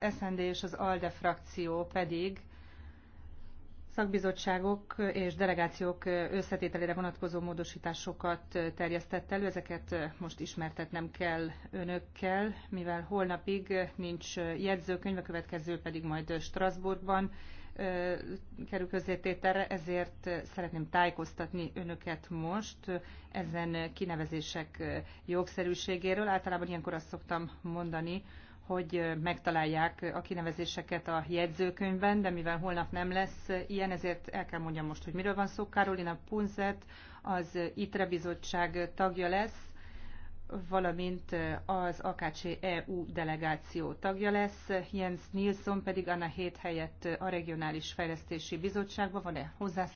SND és az ALDE frakció pedig szakbizottságok és delegációk összetételére vonatkozó módosításokat terjesztett elő. Ezeket most ismertetnem kell önökkel, mivel holnapig nincs jegyzőkönyv, a következő pedig majd Strasbourgban kerül közzétételre, ezért szeretném tájékoztatni önöket most ezen kinevezések jogszerűségéről. Általában ilyenkor azt szoktam mondani, hogy megtalálják a kinevezéseket a jegyzőkönyvben, de mivel holnap nem lesz ilyen, ezért el kell mondjam most, hogy miről van szó. Karolina Punzet az ITRE bizottság tagja lesz, valamint az AKC EU delegáció tagja lesz, Jens Nilsson pedig Anna Hét helyett a Regionális Fejlesztési Bizottságban van-e hozzászólás?